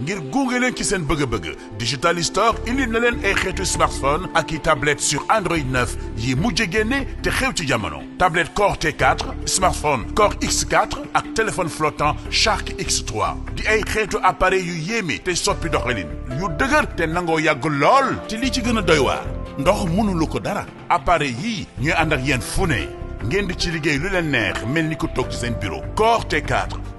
ngir gunge leen ci seen bëgg-bëgg digital store indil na leen ay xeetu smartphone ak i tablette sur Android 9 yi mu génne te xew ci jamono tablette Core T4 smartphone Core x ak téléphone flottant Shark X3 di ay xeetu appareil yu yéeme te soppi doxalin yu dëgër te nangoo yàgg lool te li ci gën a doy waar ndox mënulu ko dara appareil yi ñu ànd ak yéen fu ne ngeen di ci liggéey lu leen neex mel ni ku toog ci seen bureau Core T4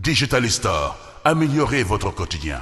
Digital Store, améliorez votre quotidien.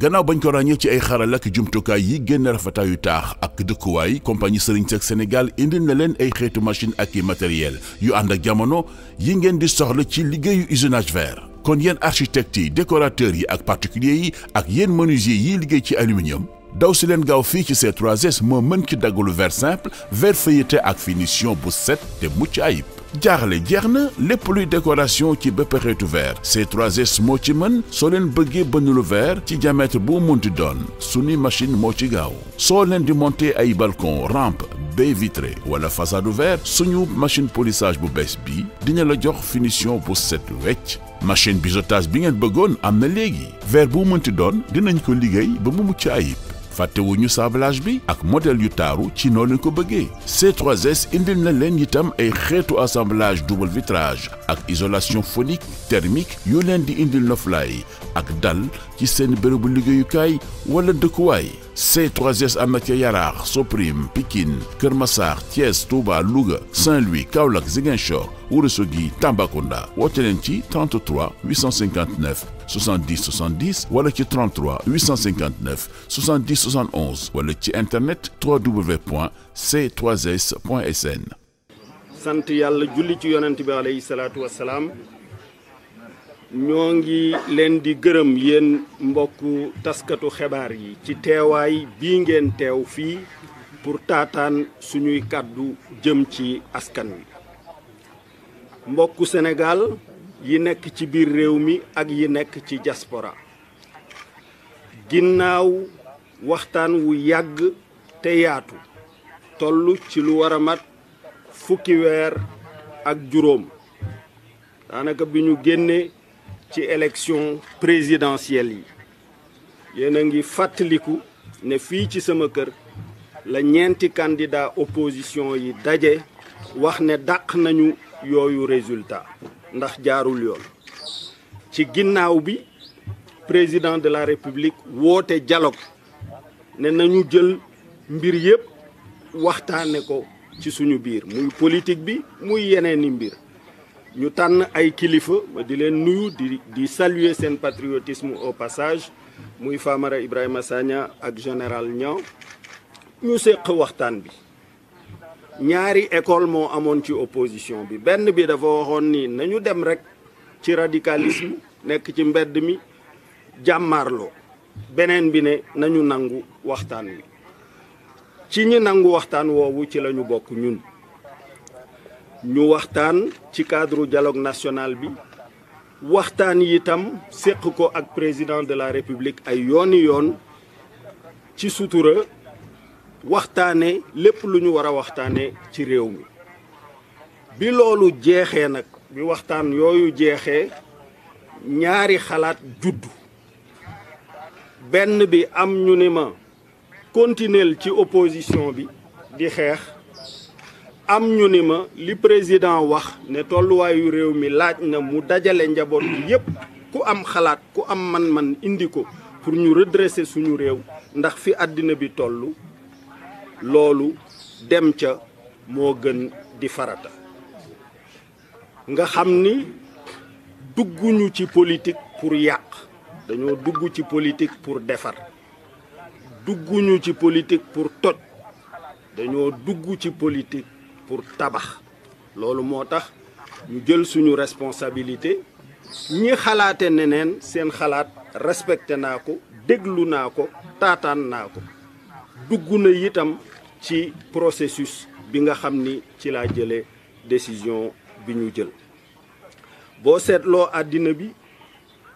gannaaw bañ ko ràññee ci ay xarala ak jumtukaay yi génn rafetaayu taax ak dëkkuwaay compagnie Serigne Seck Sénégal indil na leen ay xeetu machine ak i matériel yu ànd ak jamono yi ngeen di soxla ci liggéeyu usinage vert kon yenn architectes yi décorateurs yi ak particuliers yi ak yenn menuisier yi liggéey ci aluminium daw si leen gaaw fii ci ces 3S moo mën ci daggalu verre simple verre feuilleté ak finition bu set te mucc ayib jaaxle jeex na lépp luy décoration ci bépp xeetu verre ces 3S moo ci mën soo leen bëggee bañu lu verre ci diamètre bu munti doon suñu machine moo ci gaaw soo leen di monter ay balcon rampe baie vitrée wala façade verre suñu machine polissage bu bees bi dina la jox finition bu set wecc machine biseautage bi ngeen bëggoon am na léegi ver bu munti doon dinañ ko liggéey ba mu mucc ayib fàttewuñu sablage bi ak modèle yu taaru ci noonu ko bëggee C3S indil na leen itam ay xeetu assemblage double vitrage ak isolation phonique thermique yu leen di indil noflaay ak dal ci seen bërëbu liggéeyukaay wala dëkkuwaay C3S am na ca Yaraax Soprim Pikine Kër Massar Thiès Touba Louga Saint-Louis Kaolack Ziguinchor Ourossogui Tambacounda woote leen ci 33 859 70 70 wala ci 33 859 70 71 wala ci internet www.c3s.sn. sant yàlla julli ci yonent bi aleyhi salaatu wa salaam ñoo ngi leen di gërëm yéen mbokku taskatu xibaar yi ci teewaay bii ngeen teew fii pour taataan suñuy kàddu jëm ci askan wi mbokku Sénégal. yi nekk ci biir réew mi ak yi nekk ci diaspora ginnaaw waxtaan wu yàgg te yaatu toll ci lu war a mat fukki weer ak juróom daanaka bi ñu génnee ci élection présidentielle yi yéen a ngi fàttaliku ne fii ci sama kër la ñeenti kandidaa opposition yi daje wax ne dàq nañu yooyu résultat ndax jaarul yoon ci ginnaaw bi président de la république woote dialogue ne nañu jël mbir yëpp waxtaane ko ci suñu biir muy politique bi muy yeneeni mbir ñu tànn ay kilifa ma di leen nuyu di di saluer seen patriotisme au passage muy Famara Ibrahima Sagna ak général Niang ñu séq waxtaan bi ñaari école moo amoon ci opposition bi benn bi dafa waxoon ni nañu dem rek ci radicalisme nekk ci mbedd mi jàmmarloo beneen bi ne nañu nangu waxtaan wi ci ñi nangu waxtaan woowu ci lañu bokk ñun ñu waxtaan ci cadre dialogue national bi waxtaan yi itam séq ko ak président de la république ay yooni yoon ci sutura waxtaane lépp lu ñu war a waxtaane ci réew mi bi loolu jeexee nag bi waxtaan yooyu jeexee ñaari xalaat juddu benn bi am ñu ni ma continuel ci opposition bi di xeex am ñu ni ma li président wax ne tolluwaayu réew mi laaj na mu dajale njaboot bi yépp ku am xalaat ku am man-man indi ko pour ñu redresser suñu réew ndax fi àddina bi tollu loolu dem ca moo gën di farata nga xam ni dugguñu ci politik pour yàq dañoo dugg ci politique pour defar dugguñu ci politique pour toj dañoo dugg ci politique pour tabax loolu moo tax ñu jël suñu responsabilité ñi xalaate neneen seen xalaat respecté naa ko déglu naa ko taataan naa ko dugg na itam ci processus bi nga xam ni ci laa jële décision bi ñu jël boo seetloo àddina bi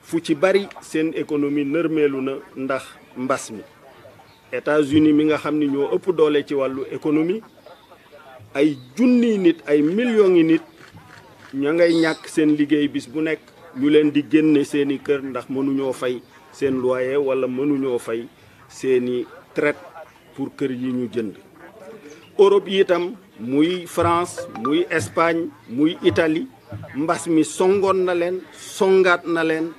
fu ci bari seen économie nërmeelu na ndax mbas mi États-Unis mi nga xam ni ñoo ëpp doole ci wàllu économie ay junniy nit ay millions yi nit ña ngay ñàkk seen liggéey bis bu nekk ñu leen di génne seeni kër ndax mënuñoo fay seen loyer walla mënuñoo fay seeni trait pour kër yi ñu jënd Europe yi muy France muy Espagne muy itali mbas mi songoon na leen songaat na leen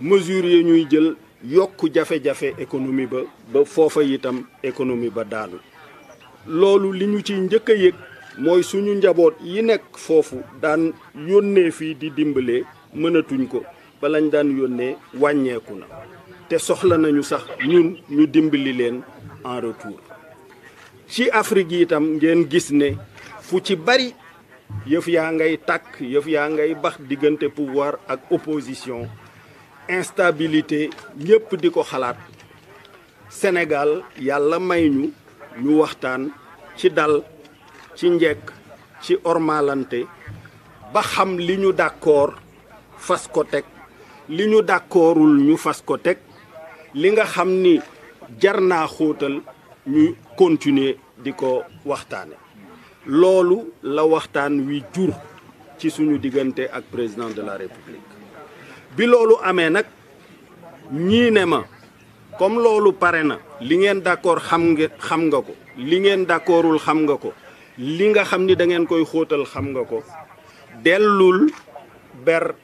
mesures yi ñuy jël yokk jafe-jafe économie ba ba foofa itam économie ba daanu loolu li ñu ci njëkk a yëg mooy suñu njaboot yi nekk foofu daan yónnee fii di dimbalee mënatuñ ko ba lañ daan yónnee wàññeeku na te soxla nañu sax ñun ñu dimbali leen en retour ci afrig yi itam ngeen gis ne fu ci bari yëf yaa ngay tàkk yëf yaa ngay bax diggante pouvoir ak opposition instabilité ñépp di ko xalaat senegal yàlla may ñu ñu waxtaan ci dal ci njekk ci ormalante ba xam li ñu d'accord fas ko teg li ñu d'accordul ñu fas ko teg li nga xam ni jar naa xóotal ñu continuer di ko waxtaane loolu la waxtaan wi jur ci suñu diggante ak président de la république bi loolu amee nag ñii ma comme loolu pare na li ngeen d'accord xam nga xam nga ko li ngeen d'accordul xam nga ko li nga xam ni da ngeen koy xóotal xam nga ko dellul ber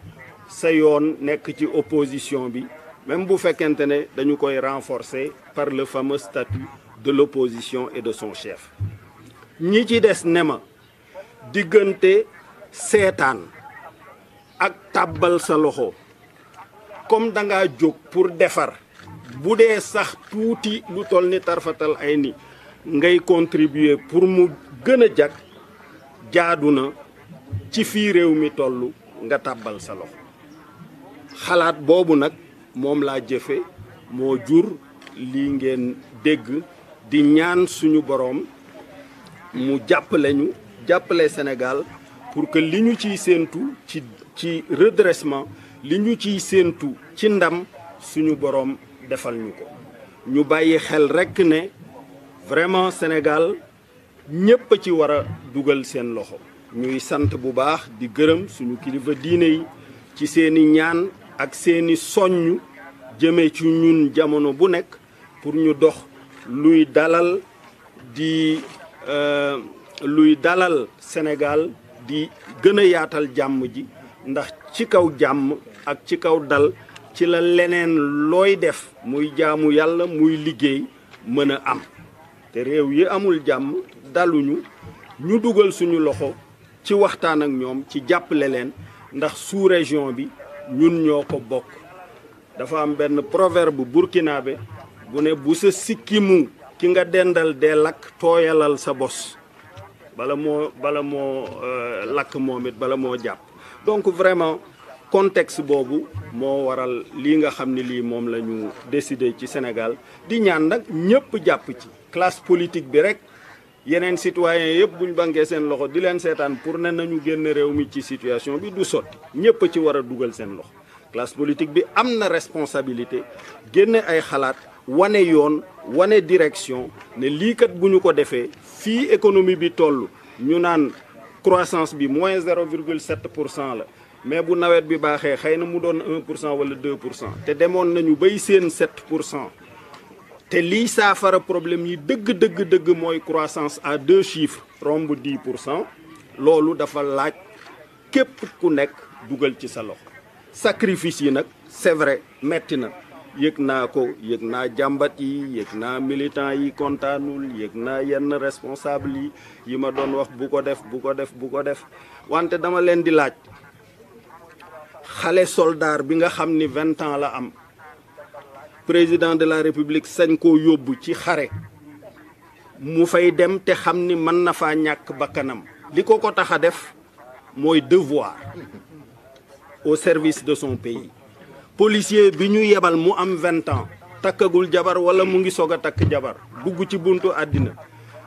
sa yoon nekk ci opposition bi même bu fekkente ne dañu koy renforcer par le fameux statut de l'opposition et de son ñi ci des ne ma diggante seetaan ak tàbbal sa loxo comme danga jóg pour defar bu dee sax tuuti lu toll ni tarfatal ay ni ngay contribuer pour mu gën a jag jaadu na ci fii réew mi toll nga tàbbal sa loxo xalaat boobu nag moom laa jëfe moo jur lii ngeen dégg di ñaan suñu boroom mu jàppale ñu jàppale Sénégal pour que li ñu ciy séentu ci ci redressement li ñu ciy séentu ci ndam suñu boroom defal ñu ko ñu bàyyi xel rekk ne vraiment Sénégal ñépp a ci war a dugal seen loxo ñuy sant bu baax di gërëm suñu kilifa diine yi ci seeni ñaan ak seeni soññ jëme ci ñun jamono bu nekk pour ñu dox luy dalal di euh, luy dalal Sénégal di gën a yaatal jàmm ji ndax ci kaw jàmm ak ci kaw dal ci la leneen looy def muy jaamu yàlla muy liggéey mën a am te réew yi amul jàmm daluñu ñu dugal suñu loxo ci waxtaan ak ñoom ci jàppale leen ndax su région bi ñun ñoo ko bokk dafa am benn proverbe burkinabé bu ne bu sa sikkimu ki nga dendal dee lakk tooyalal sa bos bala moo bala moo euh, lakk moom it bala moo jàpp donc vraiment contexte boobu moo waral lii nga xam ne lii moom la ñu décidé ci Sénégal di ñaan nag ñëpp jàpp ci classe politique bi rek yeneen citoyens yëpp bu ñu bànkee seen loxo di leen seetaan pour ne nañu génn réew mi ci situation bi du sotti ñëpp ci war a dugal seen loxo classe politique bi am na responsabilité génne ay xalaat wane yoon wane direction ne lii kat bu ñu ko defee fii économie bi toll ñu naan croissance bi moins zéro virgule sept pour cent la mais bu nawet bi baaxee xëy na mu doon un cent wala deux pour cent te demoon nañu bay seen sept pour cent te lii saafara problème yi dëgg dëgg dëgg mooy croissance à deux chiffres romb dix pour cent loolu dafa laaj képp ku nekk dugal ci sa loxo sacrifice yi nag c'est vrai metti na yéeg naa ko yéeg naa jàmbat yi yéeg naa militant yi kontaanul yéeg naa yenn responsable yi ma doon wax bu ko def bu ko def bu ko def wante dama leen di laaj xale soldaar bi nga xam ni vingt ans la am président de la république sañ koo yóbbu ci xare mu fay dem te xam ni mën na fa ñàkk bakkanam li ko ko tax a def mooy devoir au service de son pays policier bi ñu yebal mu am vingt ans takkagul jabar wala mu ngi soog a takk jabar bugg ci buntu àddina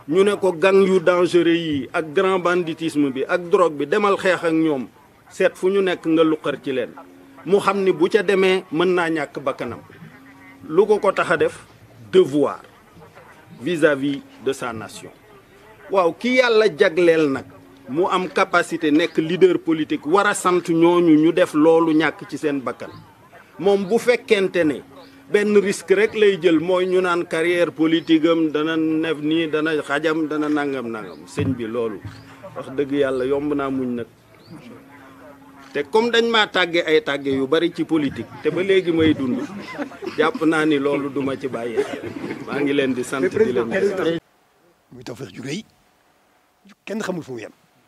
ñu ne ko gan yu dangereux yi ak grand banditisme bi ak drogue bi demal xeex ak ñoom seet fu ñu nekk nga luqar ci leen mu xam ni bu ca demee mën naa ñàkk bakkanam lu ko ko tax a def devoir vis-à-vis de sa nation waaw ki yàlla jagleel nag mu am capacité nekk leader politique war a sant ñooñu ñu def loolu ñàkk ci seen bakkan moom bu fekkente ne benn risque rek lay jël mooy ñu naan carrière politique dana nef nii dana xajam dana nangam nangam sëñ bi loolu wax dëgg yàlla yomb naa muñ nag te comme dañ maa tàgge ay tàgge yu bari ci politique te ba léegi may dund jàpp naa ni loolu duma ci bàyyi maa ngi leen di sant di leen muy tawfeex ju rëy kenn xamul fu yam